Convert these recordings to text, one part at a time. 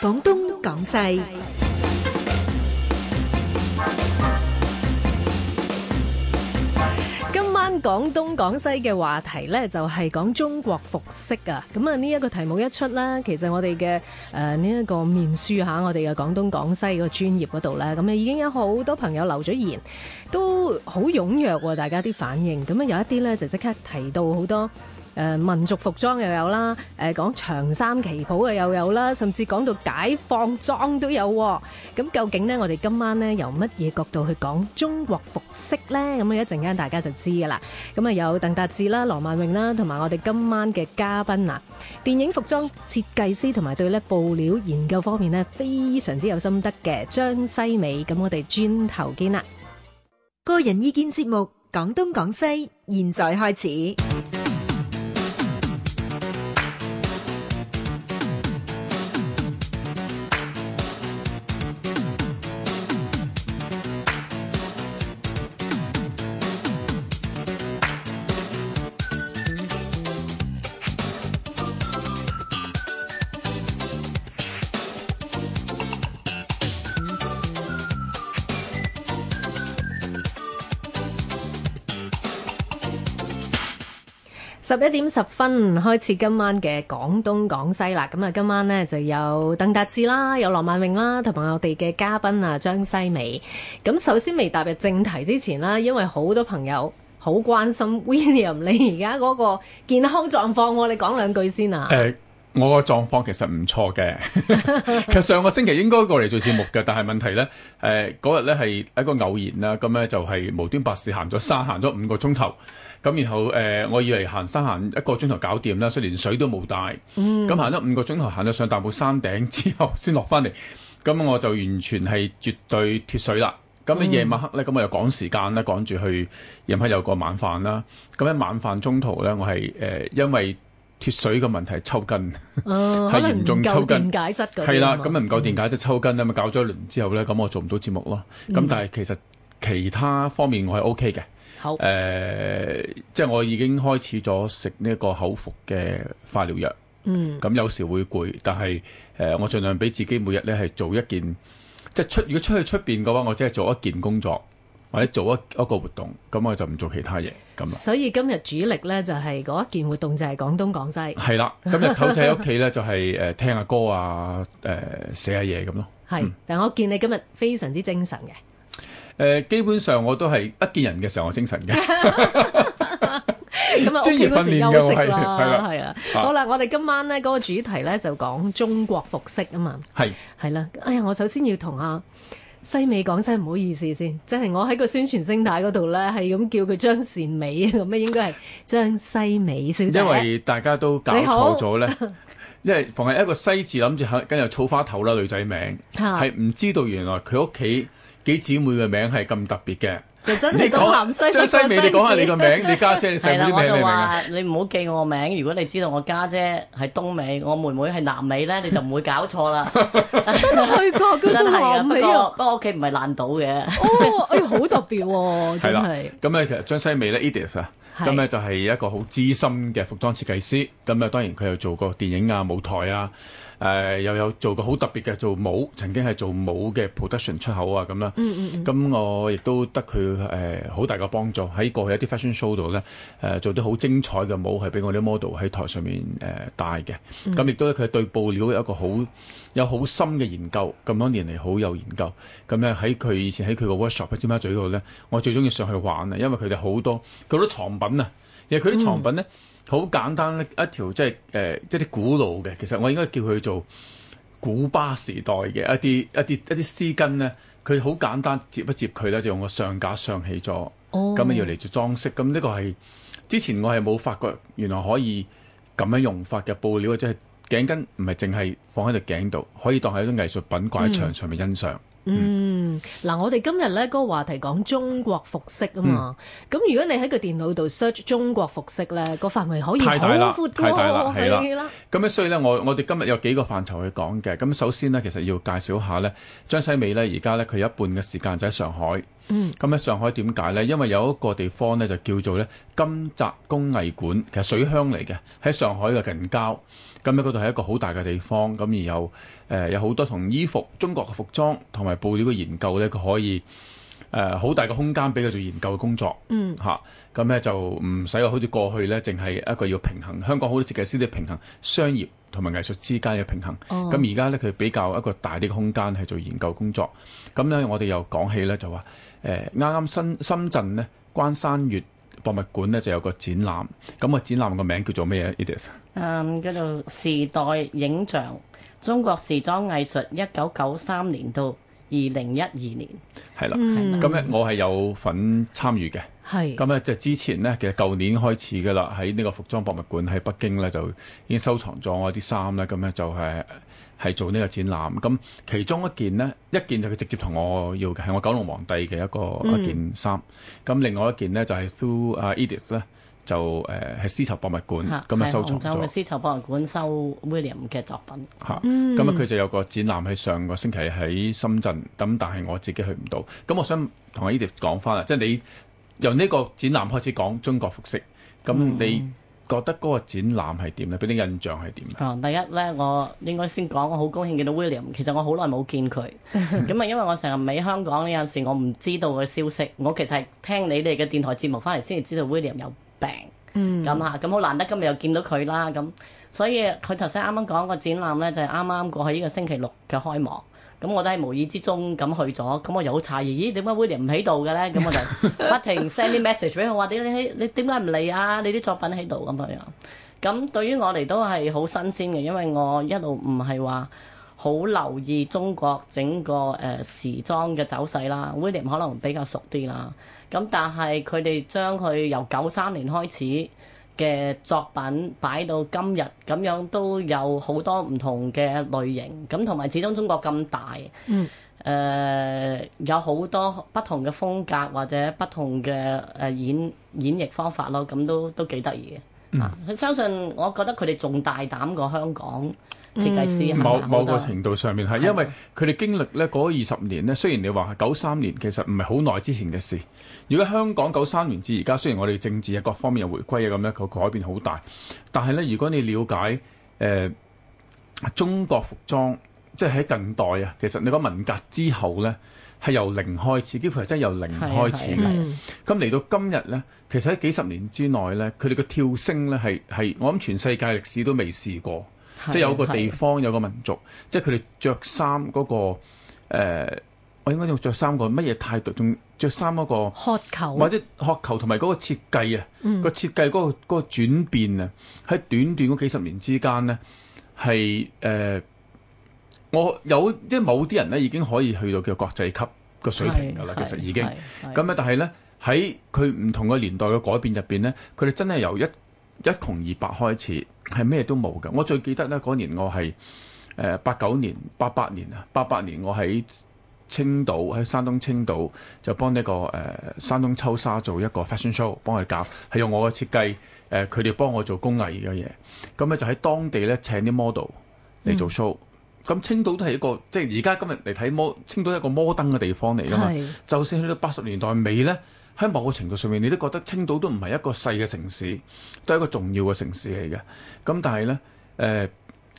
廣東廣西，今晚廣東廣西嘅話題呢，就係講中國服飾啊！咁啊，呢一個題目一出咧，其實我哋嘅誒呢一個面書下我哋嘅廣東廣西嗰專業嗰度呢，咁啊已經有好多朋友留咗言，都好踊躍，大家啲反應。咁啊，有一啲呢就即刻提到好多。誒民族服裝又有啦，誒講長衫旗袍啊又有啦，甚至講到解放裝都有。咁究竟咧，我哋今晚咧由乜嘢角度去講中國服飾咧？咁啊一陣間大家就知噶啦。咁啊有鄧達智啦、羅曼穎啦，同埋我哋今晚嘅嘉賓嗱，電影服裝設計師同埋對咧布料研究方面咧非常之有心得嘅張西美。咁我哋轉頭見啦。個人意見節目《講東講西》，現在開始。十一點十分開始今晚嘅廣東廣西啦，咁啊今晚呢，就有鄧達智啦，有羅曼穎啦，同埋我哋嘅嘉賓啊張茜美。咁首先未踏入正題之前啦，因為好多朋友好關心 William 你而家嗰個健康狀況，喎，你講兩句先啊。Uh 我個狀況其實唔錯嘅， 其實上個星期應該過嚟做節目嘅，但係問題呢，誒嗰日呢係一個偶然啦，咁、嗯、咧就係、是、無端白事行咗山，行咗五個鐘頭，咁、嗯、然後誒、呃、我以為行山行一個鐘頭搞掂啦，所以連水都冇帶，咁、嗯嗯、行咗五個鐘頭，行到上大埔山頂之後先落翻嚟，咁、嗯、我就完全係絕對脱水啦。咁啊夜晚黑呢，咁、嗯、我又趕時間啦，趕住去夜晚有個晚飯啦。咁、嗯、喺晚飯中途呢，我係、呃、因為。脱水嘅問題，抽筋，係、哦、 嚴重抽筋，係啦，咁咪唔夠電解質，解質抽筋咧，咪、嗯、搞咗一輪之後呢，咁我做唔到節目咯。咁但係其實其他方面我係 O K 嘅，好、呃、即係我已經開始咗食呢個個口服嘅化療藥，嗯，咁有時會攰，但係、呃、我儘量俾自己每日呢係做一件，即係出如果出去出面嘅話，我只係做一件工作。或者做一一個活動，咁我就唔做其他嘢咁啦。所以今日主力咧就係嗰一件活動，就係廣東廣西。係啦，今日唞住喺屋企咧，就係誒聽下歌啊，誒寫下嘢咁咯。係，但係我見你今日非常之精神嘅。誒，基本上我都係一見人嘅時候我精神嘅。咁啊，專業訓練休息啦，係啊。好啦，我哋今晚咧嗰個主題咧就講中國服飾啊嘛。係係啦。哎呀，我首先要同阿西美西，講聲唔好意思先，即係我喺個宣傳聲帶嗰度咧，係咁叫佢張善美咁啊，應該係張西美先。 因為大家都搞錯咗咧，你好笑因為逢係一個西字諗住，梗係草花頭啦，女仔名係唔知道，原來佢屋企幾姊妹嘅名係咁特別嘅。就真係講南西，張西美，你講下你個名，你家姐，你姓啲名係咪？係啦，我就話你唔好記我名。如果你知道我家姐係東美，我妹妹係南美咧，你就唔會搞錯啦。真係噶，叫做南美啊！不過不過我屋企唔係爛島嘅。哦，哎呀，好特別喎，真係。咁咧，其實張西美咧，Edith 啊，咁咧就係一個好資深嘅服裝設計師。咁啊，當然佢又做過電影啊、舞台啊。誒、呃、又有做過好特別嘅做帽，曾經係做帽嘅 production 出口啊咁啦。嗯嗯，咁我亦都得佢誒好大個幫助喺過去一啲 fashion show 度咧、呃，做啲好精彩嘅帽係俾我啲 model 喺台上面誒戴嘅。咁亦都咧，佢對布料有一個好有好深嘅研究，咁多年嚟好有研究。咁咧，喺佢以前喺佢個 workshop 尖沙咀度咧，我最中意上去玩啊，因為佢哋好多佢好多藏品啊。其實佢啲藏品咧。嗯好簡單咧，一條即係誒一啲古老嘅，其實我應該叫佢做古巴時代嘅一啲一啲一啲絲巾咧，佢好簡單接一接佢咧，就用個上架上起咗，咁、oh. 樣要嚟做裝飾。咁呢個係之前我係冇發覺，原來可以咁樣用法嘅布料或者係頸巾，唔係淨係放喺條頸度，可以當係一種藝術品掛喺牆上面欣賞。Mm. 嗯，嗱，我哋今日咧嗰個話題講中國服飾啊嘛，咁如果你喺個電腦度 search 中國服飾咧，個範圍可以好闊嘅，係啦。咁咧，所以咧，我我哋今日有幾個範疇去講嘅。咁首先咧，其實要介紹下咧，張茜美咧，而家咧佢一半嘅時間就喺上海。嗯，咁喺上海點解咧？因為有一個地方咧就叫做咧金澤工藝館，其實水鄉嚟嘅，喺上海嘅近郊。咁咧，嗰度係一個好大嘅地方，咁而有誒、呃、有好多同衣服、中國嘅服裝同埋布料嘅研究咧，佢可以誒好、呃、大嘅空間俾佢做研究嘅工作。嗯。吓咁咧就唔使話好似過去咧，淨係一個要平衡。香港好多設計師都平衡商業同埋藝術之間嘅平衡。咁而家咧，佢比較一個大啲嘅空間去做研究工作。咁咧，我哋又講起咧，就話誒啱啱深深圳咧，關山月博物館咧就有個展覽。咁、個展覽個名叫做咩啊？Edith。誒、嗯、叫做時代影像中國時裝藝術，一九九三年到二零一二年，係啦，咁咧、嗯、我係有份參與嘅，係咁咧就之前咧，其實舊年開始嘅啦，喺呢個服裝博物館喺北京咧就已經收藏咗我啲衫咧，咁咧就係、係、係做呢個展覽，咁其中一件呢，一件就佢直接同我要嘅係我九龍皇帝嘅一個、嗯、一件衫，咁另外一件呢，就 through、uh, 呢，就係 Through 啊 Edith 咧。就係、呃、絲綢博物館咁樣收藏咗。係杭州絲綢博物館收 William 嘅作品。咁啊，佢、嗯嗯、就有個展覽喺上個星期喺深圳。咁但係我自己去唔到。咁我想同阿 Eddie 講翻啊，即係你由呢個展覽開始講中國服飾。咁你覺得嗰個展覽係點咧？俾你印象係點咧？啊，第一咧，我應該先講，我好高興見到 William。其實我好耐冇見佢咁啊，嗯、因為我成日喺香港呢，有時我唔知道嘅消息。我其實係聽你哋嘅電台節目翻嚟先，至知道 William 有。病，嗯，咁嚇，咁好難得今日又見到佢啦，咁，所以佢頭先啱啱講個展覽咧，就係啱啱過去呢個星期六嘅開幕，咁我都係無意之中咁去咗，咁我又好詫異，咦，點解 William 唔喺度嘅咧？咁我就不停 send 啲 message 俾佢，話點你喺，你點解唔嚟啊？你啲作品喺度咁樣，咁對於我嚟都係好新鮮嘅，因為我一路唔係話。好留意中國整個誒時裝嘅走勢啦，William 可能比較熟啲啦。咁但係佢哋將佢由九三年開始嘅作品擺到今日，咁樣都有好多唔同嘅類型。咁同埋始終中國咁大，誒、嗯呃、有好多不同嘅風格或者不同嘅誒演演繹方法咯。咁都都幾得意嘅。嗯，相信我覺得佢哋仲大膽過香港。設計師、嗯、某某某個程度上面係，是是的因為佢哋經歷呢嗰二十年呢。雖然你話係九三年，其實唔係好耐之前嘅事。如果香港九三年至而家，雖然我哋政治啊各方面又回歸啊咁樣，佢、嗰個、改變好大。但係呢，如果你了解誒、呃、中國服裝，即係喺近代啊，其實你講文革之後呢，係由零開始，幾乎係真係由零開始嘅。咁嚟到今日呢，其實喺幾十年之內呢，佢哋嘅跳升呢，係係我諗全世界歷史都未試過。即係有個地方，有個民族，即係佢哋着衫嗰個、呃、我應該用着衫個乜嘢態度，仲着衫嗰個，學球或者學球同埋嗰個設計啊，嗯、個設計嗰、嗰個嗰、嗰個轉變啊，喺短短嗰幾十年之間咧，係誒、呃，我有即係某啲人咧已經可以去到叫國際級個水平㗎喇，其實已經咁啊，係係係但係咧喺佢唔同嘅年代嘅改變入邊咧，佢哋真係由一一窮二白開始係咩都冇嘅。我最記得呢嗰年我係誒八九年、八八年啊，八八年我喺青島喺山東青島就幫一、呢個誒、呃、山東秋沙做一個 fashion show，幫佢搞係用我嘅設計誒，佢、呃、哋幫我做工藝嘅嘢，咁咧就喺當地呢，請啲 model 嚟做 show，咁、嗯、青島都係一個即係而家今日嚟睇摩青島係一個摩登嘅地方嚟㗎嘛，是就算去到八十年代尾呢。喺某個程度上面，你都覺得青島都唔係一個細嘅城市，都係一個重要嘅城市嚟嘅。咁但係咧，誒、呃，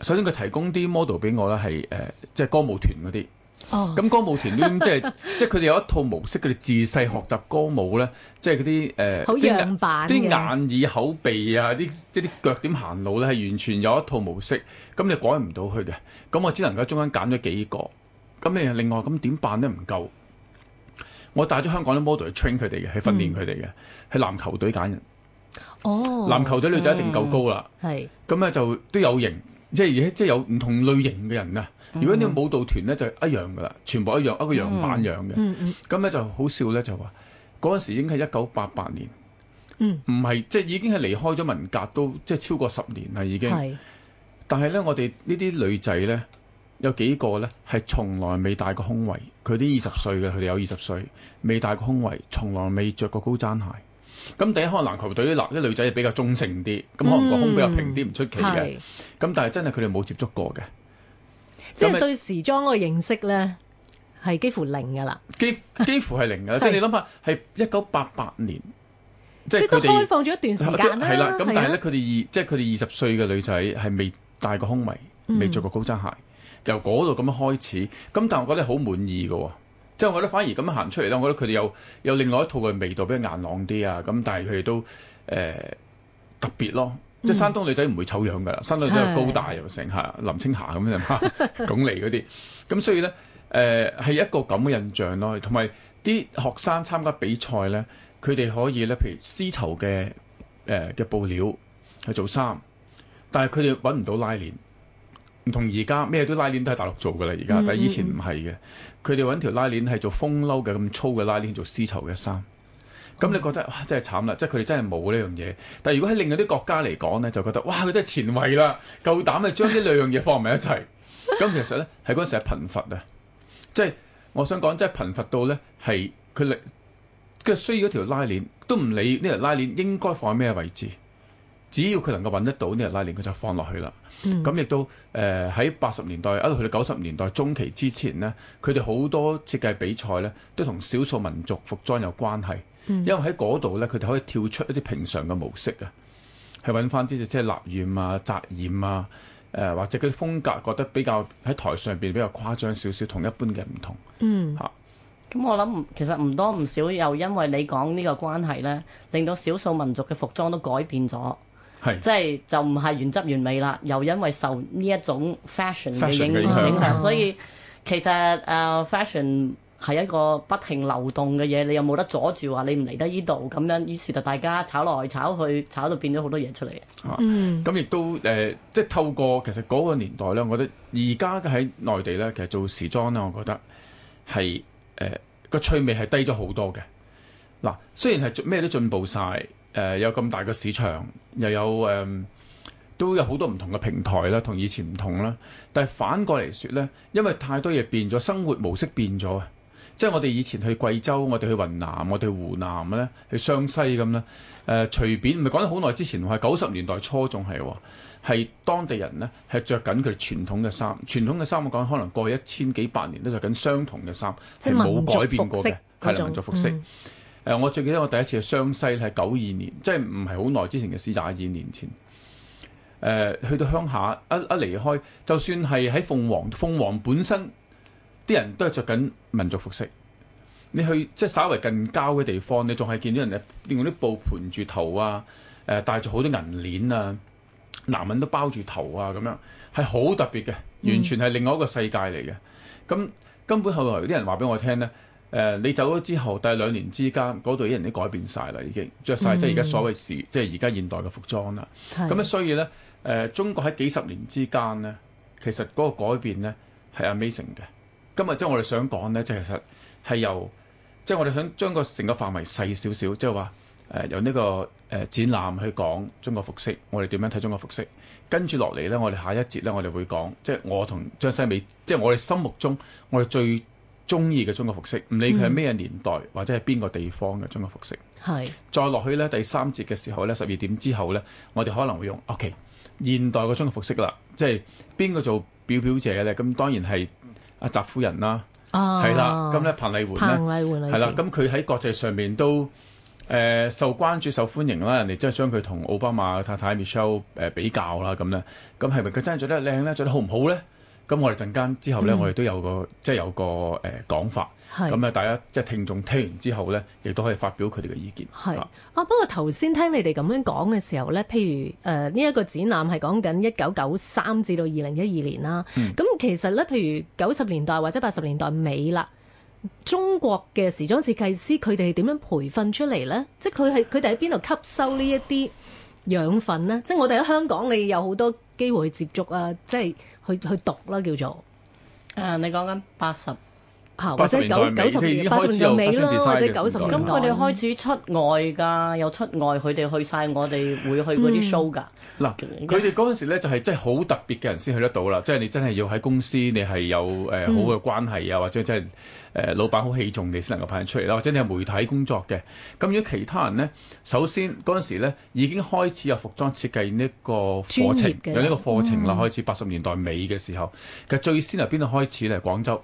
首先佢提供啲 model 俾我咧，係誒，即、呃、係、就是、歌舞團嗰啲。哦。咁歌舞團都即係即係佢哋有一套模式，佢哋 自細學習歌舞咧，即係嗰啲誒啲啲眼耳口鼻啊，啲一啲腳點行路咧，係完全有一套模式。咁你改唔到佢嘅。咁我只能夠中間揀咗幾個。咁你另外咁點辦咧？唔夠。我帶咗香港啲 model 去 train 佢哋嘅，去訓練佢哋嘅，係、嗯、籃球隊揀人。哦，籃球隊女仔一定夠高啦。係、嗯。咁咧就都有型，即係而家即係有唔同類型嘅人啦。嗯、如果你舞蹈團咧就一樣噶啦，全部一樣、嗯、一個樣板樣嘅。咁咧、嗯、就好笑咧，就話嗰陣時已經係一九八八年。嗯。唔係，即、就、係、係、已經係離開咗文革都即係、就係、超過十年啦，已經。係。但係咧，我哋呢啲女仔咧。有幾個呢，係從來未戴過胸圍，佢啲二十歲嘅佢哋有二十歲未戴過胸圍，從來未着過高踭鞋。咁第一，可能籃球隊啲男啲女仔比較忠誠啲，咁、嗯、可能個胸比較平啲，唔出奇嘅。咁是但係真係佢哋冇接觸過嘅，即係對時裝嘅認識呢，係幾乎零㗎啦。幾幾，幾乎係零㗎， 是即係你諗下係一九八八年，即係都開放咗一段時間啦、啊。係啦，咁但係呢，佢哋二即係佢哋二十歲嘅女仔係未戴過胸圍，未着過高踭鞋。嗯由嗰度咁樣開始，咁但係我覺得好滿意喎、啊。即、就、係、是、我覺得反而咁樣行出嚟咧，我覺得佢哋有有另外一套嘅味道，比較硬朗啲啊，咁但係佢哋都、呃、特別咯，即、就、係、是、山東女仔唔會醜樣㗎，嗯、山東女仔又高大又成的林青霞咁樣啊，鞏俐嗰啲，咁所以咧係、呃、一個咁嘅印象咯，同埋啲學生參加比賽咧，佢哋可以咧，譬如絲綢嘅嘅、呃、布料去做衫，但係佢哋揾唔到拉鍊。唔同而家咩都拉鏈都喺大陸做噶啦，而家但係以前唔係嘅，佢哋揾條拉鏈係做風褸嘅，咁粗嘅拉鏈做絲綢嘅衫。咁你覺得、嗯、哇，真係慘啦！即係佢哋真係冇呢樣嘢。但係如果喺另外啲國家嚟講咧，就覺得哇，佢真係前衞啦，夠膽去將呢兩樣嘢放埋一齊。咁 其實咧，喺嗰陣時係貧乏啊、就是，即係我想講，即係貧乏到咧，係佢力佢需要嗰條拉鏈，都唔理呢條拉鏈應該放喺咩位置。只要佢能夠揾得到呢個拉鏈，佢就放落去啦。咁亦、嗯、都誒喺八十年代一路去到九十年代中期之前呢，佢哋好多設計比賽呢都同少數民族服裝有關係，嗯、因為喺嗰度呢，佢哋可以跳出一啲平常嘅模式啊，去揾翻啲即係蠟染啊、紮染啊，誒、呃、或者嗰啲風格覺得比較喺台上邊比較誇張少少，同一般嘅唔同嚇。咁我諗其實唔多唔少又因為你講呢個關係呢，令到少數民族嘅服裝都改變咗。係，即係就唔係原汁原味啦。又因為受呢一種 fashion 嘅影影響，所以其實誒、uh, fashion 係一個不停流動嘅嘢，你又冇得阻住話你唔嚟得呢度咁樣。於是就大家炒來炒去、炒去，炒到變咗好多嘢出嚟。嗯，咁亦、啊、都誒、呃，即係透過其實嗰個年代呢，我覺得而家喺內地呢，其實做時裝呢，我覺得係誒個趣味係低咗好多嘅。嗱、啊，雖然係咩都進步晒。誒、呃、有咁大嘅市場，又有誒、嗯、都有好多唔同嘅平台啦，同以前唔同啦。但係反過嚟説呢，因為太多嘢變咗，生活模式變咗啊！即係我哋以前去貴州，我哋去雲南，我哋湖南咧，去湘西咁呢誒隨便唔係講得好耐之前係，九十年代初仲係喎，係當地人呢，係着緊佢哋傳統嘅衫，傳統嘅衫我講可能過去一千幾百年都着緊相同嘅衫，係冇改變過嘅，係民族服飾。種誒，我最記得我第一次去湘西係九二年，即係唔係好耐之前嘅事。廿二年前。誒、呃，去到鄉下一一離開，就算係喺鳳凰，鳳凰本身啲人都係着緊民族服飾。你去即係稍為近郊嘅地方，你仲係見到人哋用啲布盤住頭啊，誒、呃、帶住好多銀鏈啊，男人都包住頭啊咁樣，係好特別嘅，完全係另外一個世界嚟嘅。咁、嗯、根本後來啲人話俾我聽咧。誒你走咗之後，但係兩年之間，嗰度啲人都改變晒啦，已經著晒，即係而家所謂時，嗯、即係而家現代嘅服裝啦。咁啊的，所以呢，誒、呃、中國喺幾十年之間呢，其實嗰個改變呢係 amazing 嘅。今日即係我哋想講呢，即係其實係由，即係我哋想將個成個範圍細少少，即係話誒由呢個誒展覽去講中國服飾，我哋點樣睇中國服飾。跟住落嚟呢，我哋下一節呢，我哋會講，即係我同張茜美，即係我哋心目中我哋最中意嘅中國服飾，唔理佢係咩年代、嗯、或者係邊個地方嘅中國服飾。係是再落去呢第三節嘅時候呢，十二點之後呢，我哋可能會用 O.K. 現代嘅中國服飾啦，即係邊個做表表姐呢？咁當然係阿習夫人啦，係、啊、啦。咁、嗯、呢，彭麗媛呢，係啦。咁佢喺國際上面都誒、呃、受關注、受歡迎啦。人哋真係將佢同奧巴馬太太 Michelle 誒、呃、比較啦，咁呢，咁係咪佢真係著得靚呢？著得好唔好呢？咁我哋陣間之後呢，嗯、我哋都有個即係、就是、有個誒、呃、講法，咁啊是，大家即係、就是、聽眾聽完之後呢，亦都可以發表佢哋嘅意見。係是啊，不過頭先聽你哋咁樣講嘅時候呢，譬如呢一、呃呢個展覽係講緊一九九三至到二零一二年啦。咁、嗯、其實呢，譬如九十年代或者八十年代尾啦，中國嘅時裝設計師佢哋點樣培訓出嚟呢？即係佢係佢哋喺邊度吸收呢一啲養分呢？即係我哋喺香港，你有好多機會接觸啊，即係。去去讀啦，叫做，啊，誒，你講緊八十。或者九九十年代尾咯，代或者九十年代，咁佢哋開始出外噶，有出外，佢哋去晒我哋會去嗰啲 show 噶。嗱、嗯，佢哋嗰陣時咧就係即係好特別嘅人先去得到啦，即、就、係、是、你真係要喺公司你係有誒好嘅關係啊，嗯、或者即係誒老闆好器重你先能夠派出嚟啦，或者你係媒體工作嘅。咁如果其他人咧，首先嗰陣時咧已經開始有服裝設計呢個，個課程，有呢個課程啦，開始八十年代尾嘅時候，其實最先係邊度開始咧？廣州。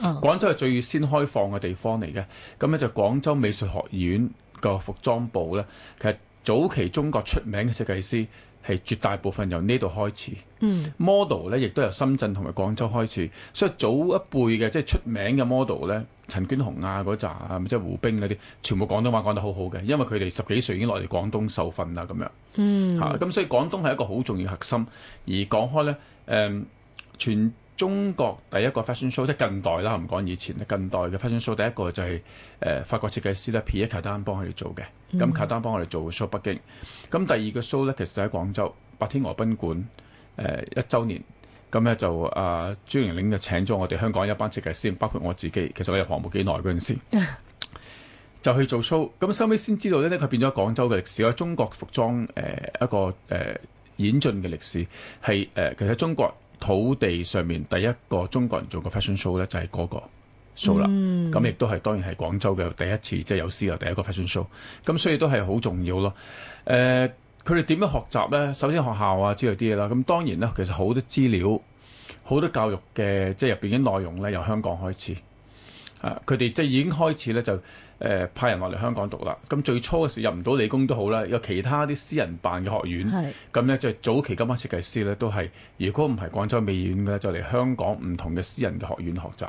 廣州係最先開放嘅地方嚟嘅，咁咧就廣州美術學院個服裝部咧，其實早期中國出名嘅設計師係絕大部分由呢度開始。嗯，model 咧亦都由深圳同埋廣州開始，所以早一輩嘅即係出名嘅 model 咧，陳娟紅啊嗰扎啊，即係胡兵嗰啲，全部廣東話講得好好嘅，因為佢哋十幾歲已經落嚟廣東受訓啊咁樣。嗯，嚇咁、啊、所以廣東係一個好重要核心。而講開咧，誒、嗯、全。中國第一個 fashion show 即係近代啦，唔講以前咧。近代嘅 fashion show 第一個就係、是、誒、呃、法國設計師咧，皮耶卡丹幫佢哋做嘅。咁卡丹幫佢哋做嘅 show 北京。咁第二個 show 咧，其實就喺廣州白天鵝賓館誒一週年。咁咧就阿、呃、朱玲玲就請咗我哋香港一班設計師，包括我自己。其實我入行冇幾耐嗰陣時， 就去做 show。咁收尾先知道咧，咧佢變咗廣州嘅歷史，喺、就是、中國服裝誒、呃、一個誒、呃、演進嘅歷史係誒、呃、其實中國。土地上面第一個中國人做嘅 fashion show 咧，就係、是、嗰個 show 啦。咁亦、mm. 都係當然係廣州嘅第一次，即、就、係、是、有私有第一個 fashion show。咁所以都係好重要咯。誒、呃，佢哋點樣學習呢？首先學校啊，之類啲嘢啦。咁當然咧，其實好多資料、好多教育嘅即係入邊嘅內容呢，由香港開始。啊，佢哋即係已經開始呢，就。誒派人落嚟香港讀啦，咁最初嘅時候入唔到理工都好啦，有其他啲私人辦嘅學院，咁咧是就早期金花設計師咧都係，如果唔係廣州美院嘅就嚟香港唔同嘅私人嘅學院學習，咁、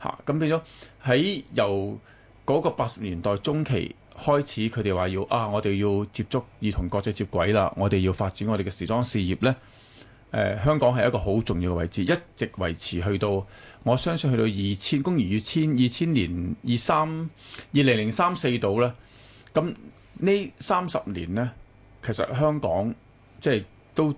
啊、變咗喺由嗰個八十年代中期開始，佢哋話要啊，我哋要接觸要同國際接軌啦，我哋要發展我哋嘅時裝事業咧。誒、呃、香港係一個好重要嘅位置，一直維持去到我相信去到二千，公元二千二千年二三二零零三四度咧。咁呢三十年呢，其實香港即係都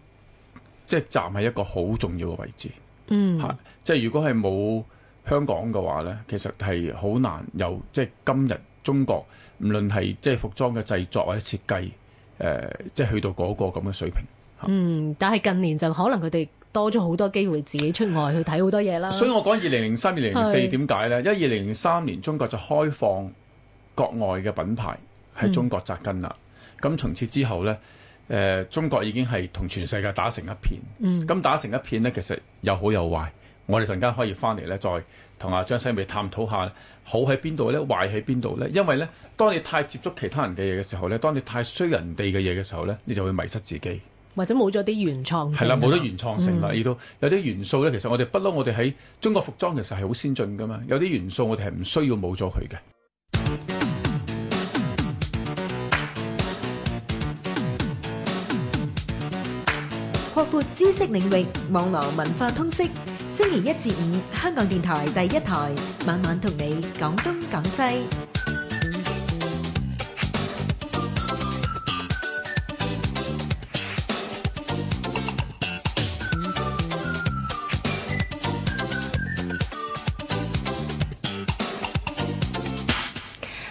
即係站喺一個好重要嘅位置。嗯，嚇、啊，即係如果係冇香港嘅話呢，其實係好難有即係今日中國，唔論係即係服裝嘅製作或者設計，誒、呃、即係去到嗰個咁嘅水平。嗯，但係近年就可能佢哋多咗好多機會，自己出外去睇好多嘢啦。所以我講二零零三、二零零四點解呢？因為二零零三年中國就開放國外嘅品牌喺中國扎根啦。咁、嗯、從此之後呢，誒、呃、中國已經係同全世界打成一片。咁、嗯、打成一片呢，其實有好有壞。我哋陣間可以翻嚟呢，再同阿張茜美探討下好喺邊度呢？壞喺邊度呢？因為呢，當你太接觸其他人嘅嘢嘅時候呢，當你太衰人哋嘅嘢嘅時候呢，你就會迷失自己。或者冇咗啲原創性，係啦，冇咗原創性啦。亦、嗯、都有啲元素咧。其實我哋不嬲，我哋喺中國服裝其實係好先進噶嘛。有啲元素我哋係唔需要冇咗佢嘅。擴闊知識領域，網絡文化通識，星期一至五，香港電台第一台，晚晚同你講東講西。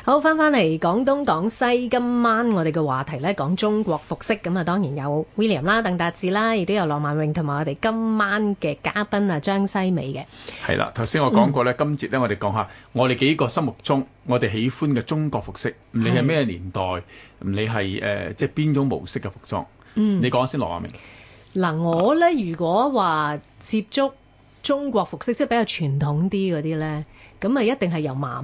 好，翻翻嚟講東講西，今晚我哋嘅話題咧講中國服飾，咁啊當然有 William 啦、鄧達智啦，亦都有羅曼穎同埋我哋今晚嘅嘉賓啊張茜美嘅。係啦，頭先我講過咧，今節咧我哋講下我哋幾個心目中我哋喜歡嘅中國服飾，你係咩年代？你係誒即係邊種模式嘅服裝？嗯，你講先羅曼穎。嗱，我咧如果話接觸中國服飾，即係比較傳統啲嗰啲咧，咁啊一定係由媽。